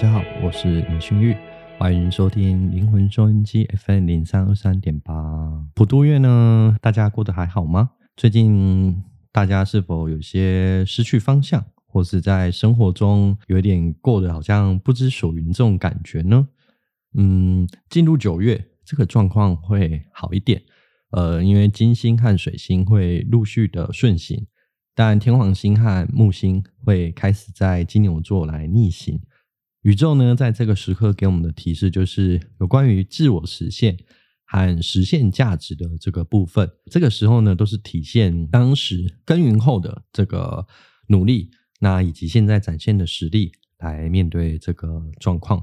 大家好，我是林興裕，歡迎收聽靈魂收音機 FM 零三二三點八。普渡月呢，大家過得還好嗎？最近大家是否有些失去方向，或是在生活中有點過得好像不知所云這種感覺呢？嗯，進入九月，這個狀況會好一點。呃，因為金星和水星會陸續的順行，但天王星和木星會開始在金牛座來逆行。宇宙呢，在這個時刻給我們的提示就是有關於自我實現和實現價值的這個部分。這個時候呢，都是體現當時耕耘後的這個努力，那以及現在展現的實力來面對這個狀況。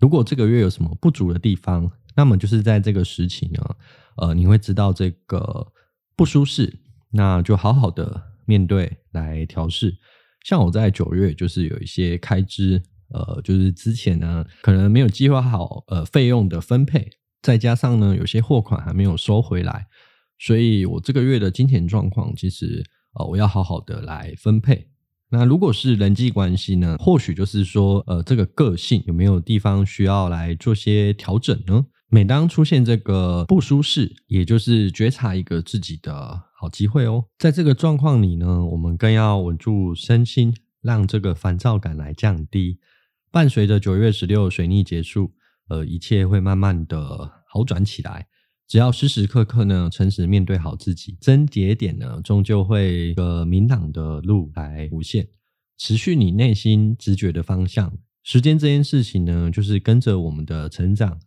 如果這個月有什麼不足的地方，那麼就是在這個時期呢，呃，你會知道這個不舒適，那就好好的面對來調試。像我在九月就是有一些開支。呃，就是之前呢，可能沒有計劃好呃費用的分配，再加上呢，有些貨款還沒有收回來，所以我這個月的金錢狀況，其實呃我要好好的來分配。那如果是人際關係呢，或許就是說呃這個個性有沒有地方需要來做些調整呢？每當出現這個不舒適，也就是覺察一個自己的好機會哦。在這個狀況裡呢，我們更要穩住身心，讓這個煩躁感來降低。伴隨着九月十六水逆結束，呃，一切會慢慢的好轉起來。只要時時刻刻呢，誠實面對好自己，真節點呢，終究會一個明朗的路來浮現。持續你內心直覺的方向，時間這件事情呢，就是跟着我們的成長，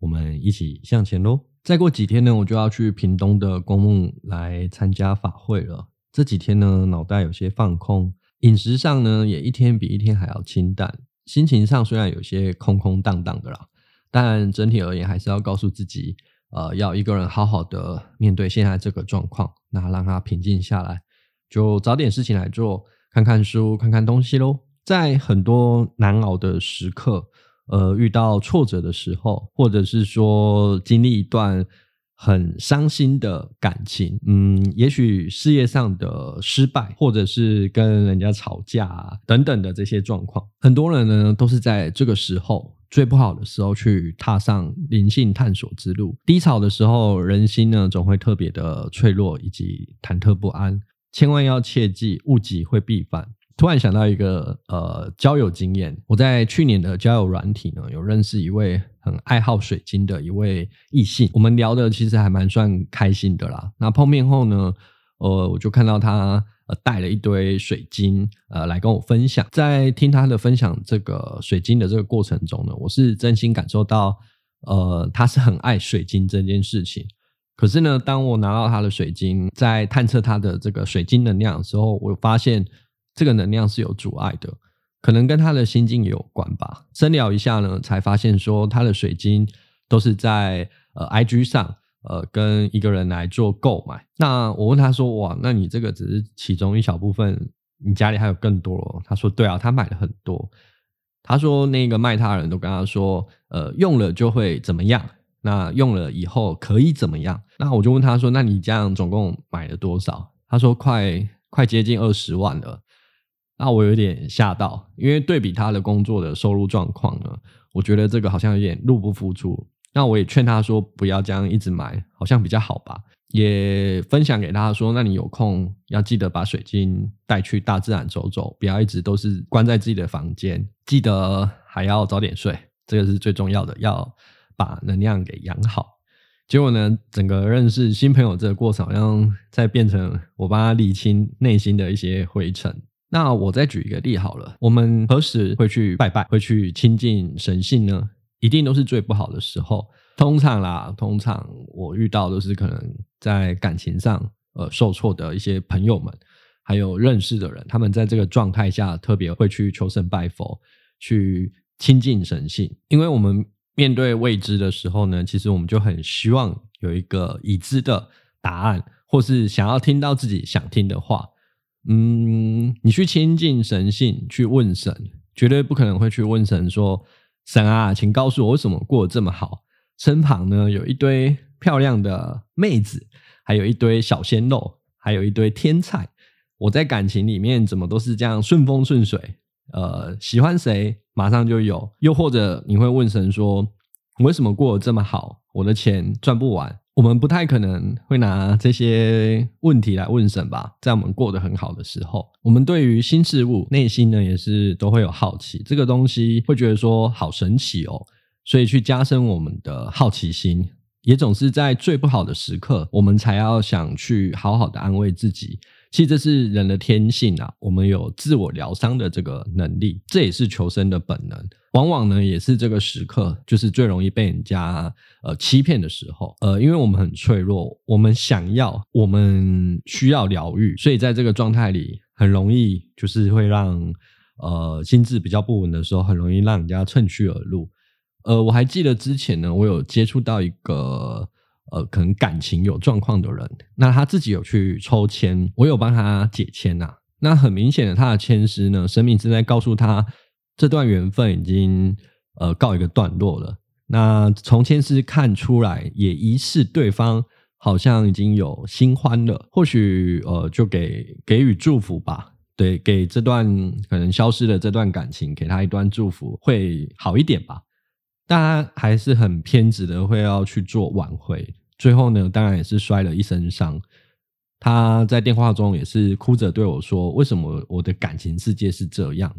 我們一起向前咯。再過幾天呢，我就要去屏東的宮廟來參加法會了。這幾天呢，腦袋有些放空，飲食上呢，也一天比一天還要清淡。心情上雖然有些空空蕩蕩的啦，但整體而言還是要告訴自己，呃，要一個人好好的面對現在這個狀況，那讓他平靜下來，就找點事情來做，看看書，看看東西咯。在很多難熬的時刻，呃，遇到挫折的時候，或者是說經歷一段。很傷心的感情，嗯，也許事業上的失敗，或者是跟人家吵架、啊、等等的這些狀況，很多人呢都是在這個時候最不好的時候去踏上靈性探索之路。低潮的時候，人心呢總會特別的脆弱以及忐忑不安，千萬要切記，物極會必反。突然想到一個呃交友經驗，我在去年的交友軟體呢，有認識一位很愛好水晶的一位異性，我們聊的其實還蠻算開心的啦。那碰面後呢，呃，我就看到他帶了一堆水晶呃來跟我分享，在聽他的分享這個水晶的這個過程中呢，我是真心感受到呃他是很愛水晶這件事情。可是呢，當我拿到他的水晶，在探測他的這個水晶能量的時候，我發現。這個能量是有阻礙的，可能跟他的心境也有關吧。深聊一下呢，才發現說他的水晶都是在呃 IG 上，呃跟一個人來做購買。那我問他說：“哇，那你這個只是其中一小部分，你家裡還有更多哦？”他說：“對啊，他買了很多。”他說：“那個賣他人都跟他說，呃，用了就會怎麼樣？那用了以後可以怎麼樣？”那我就問他說：“那你這樣總共買了多少？”他說：「快，快快接近二十萬了。”那我有點嚇到，因為對比他的工作的收入狀況呢，我覺得這個好像有點入不敷出。那我也勸他說不要這樣一直買，好像比較好吧。也分享給他說，那你有空要記得把水晶帶去大自然走走，不要一直都是關在自己的房間。記得還要早點睡，這個是最重要的，要把能量給養好。結果呢，整個認識新朋友這個過程，好像在變成我幫他理清內心的一些灰塵。那我再舉一個例好了，我們何時會去拜拜，會去親近神性呢？一定都是最不好的時候。通常啦，通常我遇到都是可能在感情上呃受挫的一些朋友們，還有認識的人，他們在這個狀態下特別會去求神拜佛，去親近神性，因為我們面對未知的時候呢，其實我們就很希望有一個已知的答案，或是想要聽到自己想聽的話。嗯，你去親近神性，去問神，絕對不可能會去問神說：“神啊，請告訴我為什麼過得這麼好？身旁呢有一堆漂亮的妹子，還有一堆小鮮肉，還有一堆天菜。我在感情裡面怎麼都是這樣順風順水？呃，喜歡誰馬上就有。又或者你會問神說：我為什麼過得這麼好？我的錢賺不完。”我們不太可能會拿這些問題來問神吧，在我們過得很好的時候，我們對於新事物內心呢也是都會有好奇，這個東西會覺得說好神奇哦，所以去加深我們的好奇心，也總是在最不好的時刻，我們才要想去好好的安慰自己。其實這是人的天性啊，我們有自我療傷的這個能力，這也是求生的本能。往往呢，也是這個時刻，就是最容易被人家呃欺騙的時候。呃，因為我們很脆弱，我們想要，我們需要療癒，所以在這個狀態裡，很容易就是會讓呃心智比較不穩的時候，很容易讓人家趁虛而入。呃，我還記得之前呢，我有接觸到一個呃可能感情有狀況的人，那他自己有去抽籤，我有幫他解籤吶、啊。那很明顯的，他的籤詩呢，生命正在告訴他。這段緣分已經呃告一個段落了。那從前世看出來，也疑似對方好像已經有新歡了。或許呃，就給給予祝福吧。對，給這段可能消失的這段感情，給他一段祝福會好一點吧。但他還是很偏執的，會要去做挽回。最後呢，當然也是摔了一身傷。他在電話中也是哭着對我說：“為什麼我的感情世界是這樣？”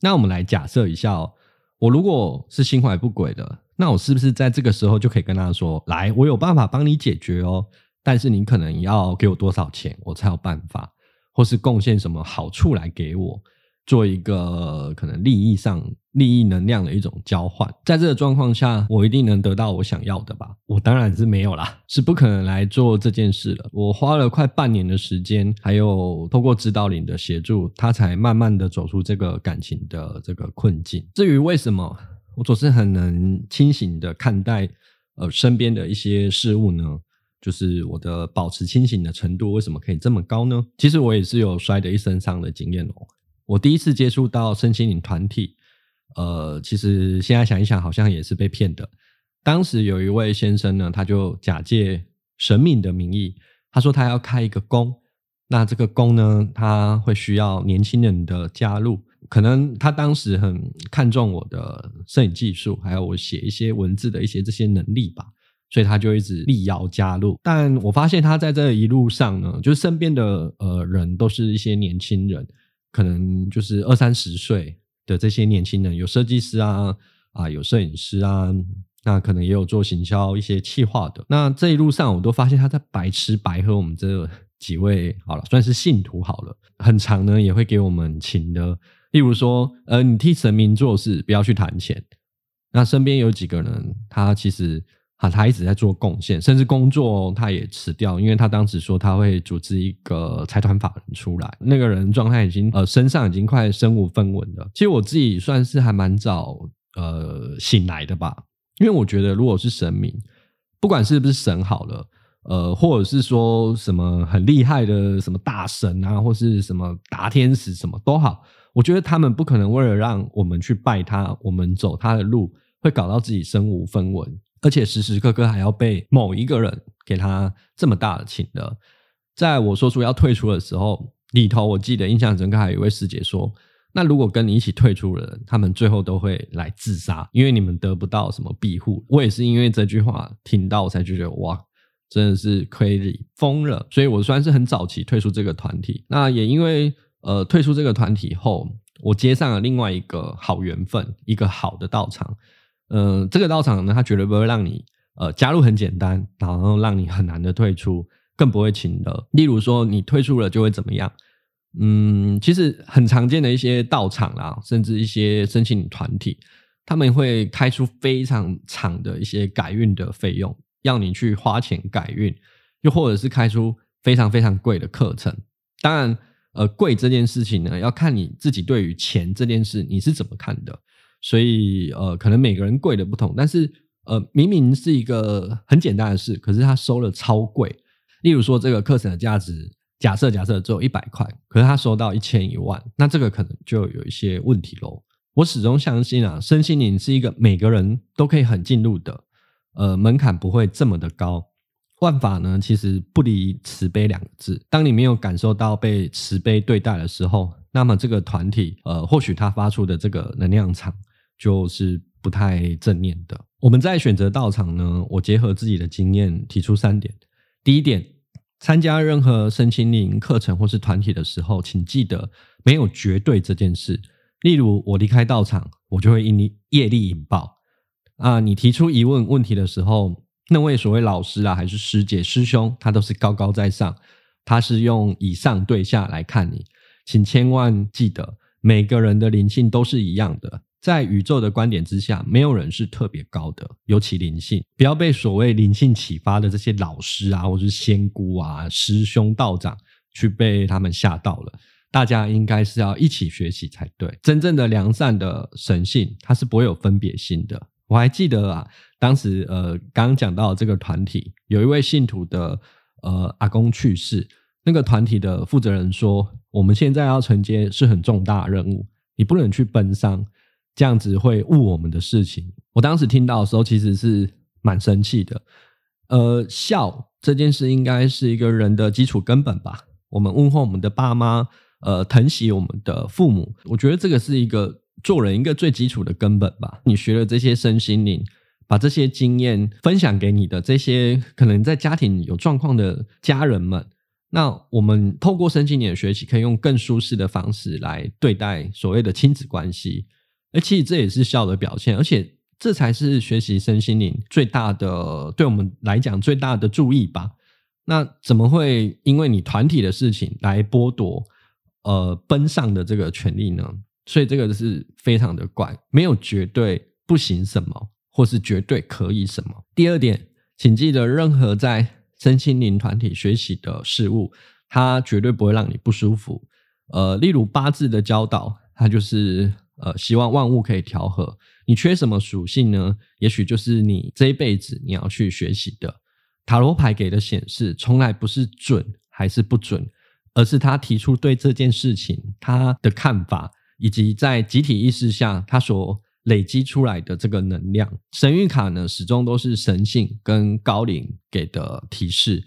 那我們來假設一下哦，我如果是心懷不軌的，那我是不是在這個時候就可以跟他說，來，我有辦法幫你解決哦，但是你可能要給我多少錢，我才有辦法，或是貢獻什麼好處來給我做一個可能利益上。利益能量的一種交換，在這個狀況下，我一定能得到我想要的吧？我當然是沒有啦，是不可能來做這件事了。我花了快半年的時間，還有通過指導靈的協助，他才慢慢的走出這個感情的這個困境。至於為什麼我總是很能清醒的看待呃身邊的一些事物呢？就是我的保持清醒的程度為什麼可以這麼高呢？其實我也是有摔得一身傷的經驗哦。我第一次接觸到身心靈團體。呃，其實現在想一想，好像也是被騙的。當時有一位先生呢，他就假借神明的名義，他說他要開一個宮，那這個宮呢，他會需要年輕人的加入。可能他當時很看重我的攝影技術，還有我寫一些文字的一些這些能力吧，所以他就一直力邀加入。但我發現他在這一路上呢，就是身邊的呃人都是一些年輕人，可能就是二三十歲的這些年輕人，有設計師啊啊，有攝影師啊，那可能也有做行銷一些企劃的。那這一路上，我都發現他在白吃白喝我們這幾位好了，算是信徒好了，很常呢，也會給我們請的，例如說，呃，你替神明做事，不要去談錢。那身邊有幾個人，他其實。啊，他一直在做貢獻，甚至工作他也辭掉，因為他當時說他會組織一個財團法人出來。那個人狀態已經呃，身上已經快身無分文了。其實我自己算是還蠻早呃醒來的吧，因為我覺得如果是神明，不管是不是神好了，呃，或者是說什麼很厲害的什麼大神啊，或是什麼大天使什麼都好，我覺得他們不可能為了讓我們去拜他，我們走他的路，會搞到自己身無分文。而且時時刻刻還要被某一個人給他這麼大的情的，在我說出要退出的時候，裡頭我記得印象深刻，還有一位師姐說：“那如果跟你一起退出的人，他們最後都會來自殺，因為你們得不到什麼庇護。”我也是因為這句話聽到，我才覺得哇，真的是虧裡瘋了。所以我算是很早期退出這個團體，那也因為呃退出這個團體後，我接上了另外一個好緣分，一個好的道場。呃，這個道場呢，它絕對不會讓你呃加入很簡單，然後讓你很難的退出，更不會請的。例如說，你退出了就會怎麼樣？嗯，其實很常見的一些道場啦，甚至一些身心靈團體，他們會開出非常長的一些改運的費用，要你去花錢改運，又或者是開出非常非常貴的課程。當然，呃，貴這件事情呢，要看你自己對於錢這件事你是怎麼看的。所以呃，可能每個人貴的不同，但是呃，明明是一個很簡單的事，可是他收了超貴。例如說，這個課程的價值假設假設只有一百塊，可是他收到一千一萬，那這個可能就有一些問題嘍。我始終相信啊，身心靈是一個每個人都可以很進入的，呃，門檻不會這麼的高。萬法呢，其實不離慈悲兩個字。當你沒有感受到被慈悲對待的時候，那麼這個團體呃，或許他發出的這個能量場。就是不太正面的。我們在選擇道場呢，我結合自己的經驗提出三點。第一點，參加任何身心靈課程或是團體的時候，請記得沒有絕對這件事。例如，我離開道場，我就會因業力引爆啊！你提出疑問問題的時候，那位所謂老師啊，還是師姐師兄，他都是高高在上，他是用以上對下來看你，請千萬記得，每個人的靈性都是一樣的。在宇宙的觀點之下，沒有人是特別高的，尤其靈性。不要被所謂靈性啟發的這些老師啊，或者是仙姑啊、師兄道長去被他們嚇到了。大家應該是要一起學習才對。真正的良善的神性，它是不會有分別心的。我還記得啊，當時呃，剛剛講到這個團體，有一位信徒的呃阿公去世，那個團體的負責人說：“我們現在要承接是很重大任務，你不能去奔喪。”這樣子會誤我們的事情。我當時聽到的時候，其實是蠻生氣的。呃，孝這件事應該是一個人的基礎根本吧？我們問候我們的爸媽，呃，疼惜我們的父母。我覺得這個是一個做人一個最基礎的根本吧。你學了這些身心靈，把這些經驗分享給你的這些可能在家庭有狀況的家人們。那我們透過身心靈的學習，可以用更舒適的方式來對待所謂的親子關係。而且這也是孝的表現，而且這才是學習身心靈最大的，對我們來講最大的助益吧。那怎麼會因為你團體的事情來剝奪呃奔喪的這個權利呢？所以這個是非常的怪，沒有絕對不行什麼，或是絕對可以什麼。第二點，請記得任何在身心靈團體學習的事物，它絕對不會讓你不舒服。呃，例如八字的教導，它就是。呃，希望萬物可以調和。你缺什麼屬性呢？也許就是你這一輩子你要去學習的。塔羅牌給的顯示從來不是準還是不準，而是他提出對這件事情他的看法，以及在集體意識下他所累積出來的這個能量。神諭卡呢，始終都是神性跟高靈給的提示。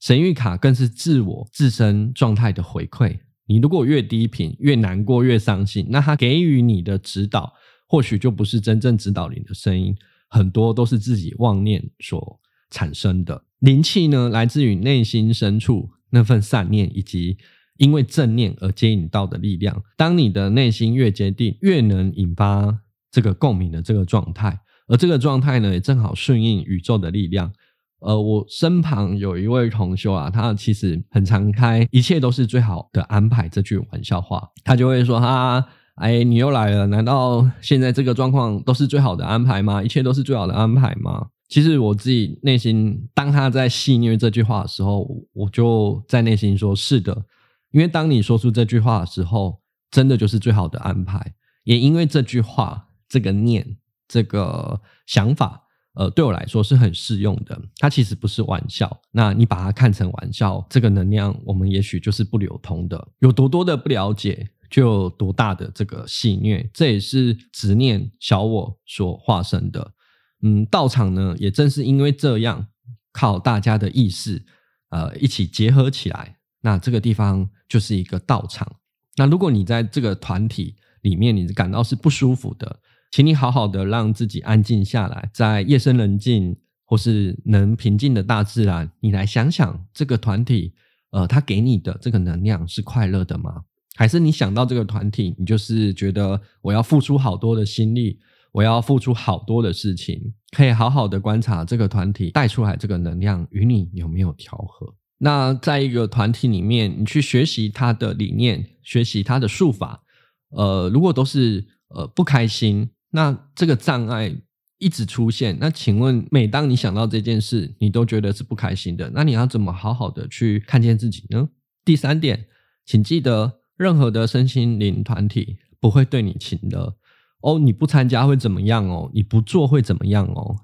神諭卡更是自我自身狀態的回饋。你如果越低頻，越難過，越傷心，那他給予你的指導，或許就不是真正指導你的聲音，很多都是自己妄念所產生的。靈氣呢，來自於內心深處那份善念，以及因為正念而接引到的力量。當你的內心越堅定，越能引發這個共鳴的這個狀態，而這個狀態呢，也正好順應宇宙的力量。呃，我身旁有一位同修啊，他其實很常開“一切都是最好的安排”這句玩笑話，他就會說：“啊，哎，你又來了，難道現在這個狀況都是最好的安排嗎？一切都是最好的安排嗎？”其實我自己內心，當他在戲謔這句話的時候，我就在內心說：“是的，因為當你說出這句話的時候，真的就是最好的安排。”也因為這句話、這個念、這個想法。呃，對我來說是很適用的，它其實不是玩笑。那你把它看成玩笑，這個能量我們也許就是不流通的。有多多的不了解，就有多大的這個戲謔，這也是執念小我所化身的。嗯，道場呢，也正是因為這樣，靠大家的意識，呃，一起結合起來，那這個地方就是一個道場。那如果你在這個團體裡面，你感到是不舒服的。請你好好的讓自己安靜下來，在夜深人靜或是能平靜的大自然，你來想想這個團體，呃，他給你的這個能量是快樂的嗎？還是你想到這個團體，你就是覺得我要付出好多的心力，我要付出好多的事情？可以好好的觀察這個團體帶出來這個能量與你有沒有調和？那在一個團體裡面，你去學習他的理念，學習他的術法，呃，如果都是，呃，不開心。那這個障礙一直出現，那請問，每當你想到這件事，你都覺得是不開心的，那你要怎麼好好的去看見自己呢？第三點，請記得，任何的身心靈團體不會對你情的哦，你不參加會怎麼樣哦？你不做會怎麼樣哦？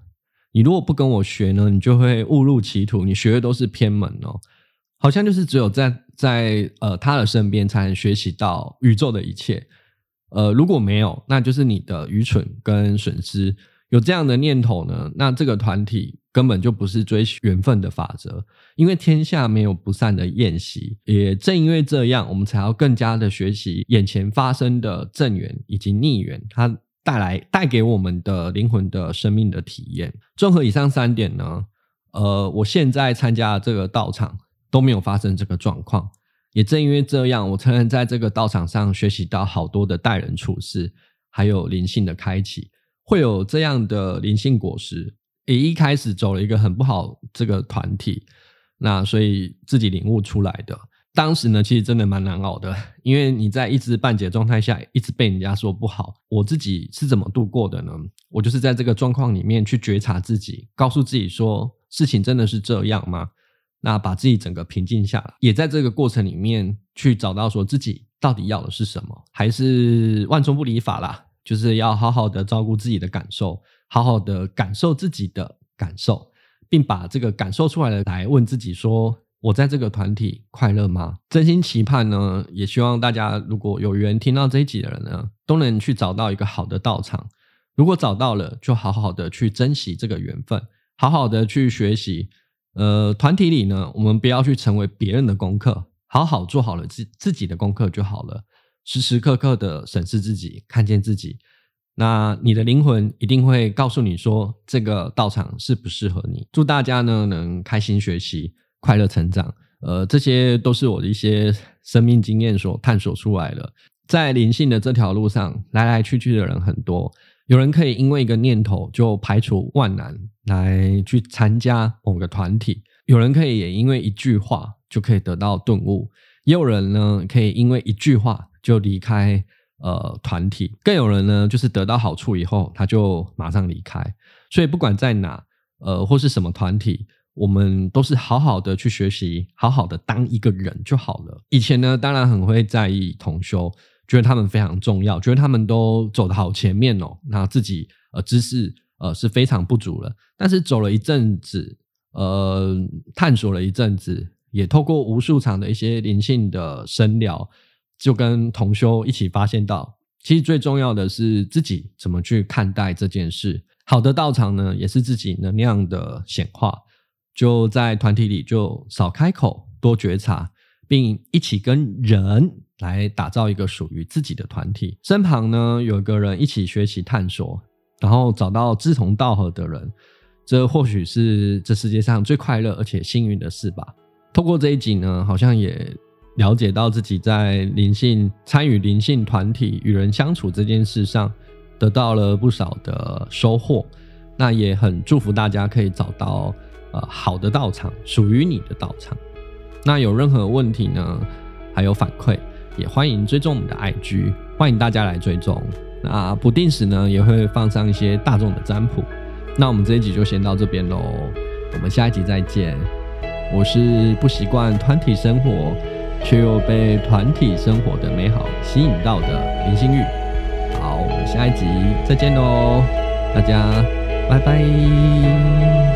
你如果不跟我學呢，你就會誤入歧途，你學的都是偏門哦，好像就是只有在在呃他的身邊才能學習到宇宙的一切。呃，如果沒有，那就是你的愚蠢跟損失。有這樣的念頭呢，那這個團體根本就不是追緣分的法則，因為天下沒有不散的宴席。也正因為這樣，我們才要更加的學習眼前發生的正緣以及逆緣，它帶來帶給我們的靈魂的生命的體驗。綜合以上三點呢，呃，我現在參加這個道場都沒有發生這個狀況。也正因為這樣，我才能在這個道場上學習到好多的待人處事，還有靈性的開啟，會有這樣的靈性果實。也一開始走了一個很不好這個團體，那所以自己領悟出來的。當時呢，其實真的蠻難熬的，因為你在一知半解狀態下，一直被人家說不好。我自己是怎麼度過的呢？我就是在這個狀況裡面去覺察自己，告訴自己說：事情真的是這樣嗎？那把自己整個平靜下來，也在這個過程裡面去找到說自己到底要的是什麼，還是萬中不離法啦，就是要好好的照顧自己的感受，好好的感受自己的感受，並把這個感受出來的來問自己說，我在這個團體快樂嗎？真心期盼呢，也希望大家如果有緣聽到這一集的人呢，都能去找到一個好的道場，如果找到了，就好好的去珍惜這個緣分，好好的去學習。呃，團體裡呢，我們不要去成為別人的功課，好好做好了自自己的功課就好了。時時刻刻的審視自己，看見自己，那你的靈魂一定會告訴你說，這個道場是不適合你。祝大家呢能開心學習，快樂成長。呃，這些都是我的一些生命經驗所探索出來的，在靈性的這條路上，來來去去的人很多。有人可以因為一個念頭就排除萬難來去參加某個團體，有人可以也因為一句話就可以得到頓悟，也有人呢可以因為一句話就離開呃團體，更有人呢就是得到好處以後他就馬上離開。所以不管在哪，呃或是什麼團體，我們都是好好的去學習，好好的當一個人就好了。以前呢，當然很會在意同修。覺得他們非常重要，覺得他們都走得好前面哦，那自己呃知識呃是非常不足了。但是走了一陣子，呃，探索了一陣子，也透過無數場的一些靈性的深聊，就跟同修一起發現到，其實最重要的是自己怎麼去看待這件事。好的道場呢，也是自己能量的顯化，就在團體裡就少開口，多覺察，並一起跟人。來打造一個屬於自己的團體，身旁呢有個人一起學習探索，然後找到志同道合的人，這或許是這世界上最快樂而且幸運的事吧。透過這一集呢，好像也了解到自己在靈性、參與靈性團體、與人相處這件事上得到了不少的收穫。那也很祝福大家可以找到呃好的道場，屬於你的道場。那有任何問題呢，還有反饋。也歡迎追蹤我們的 IG，歡迎大家來追蹤。那不定時呢，也會放上一些大眾的占卜。那我們這一集就先到這邊嘍，我們下一集再見。我是不習慣團體生活，卻又被團體生活的美好吸引到的林心玉。好，我們下一集再見嘍，大家拜拜。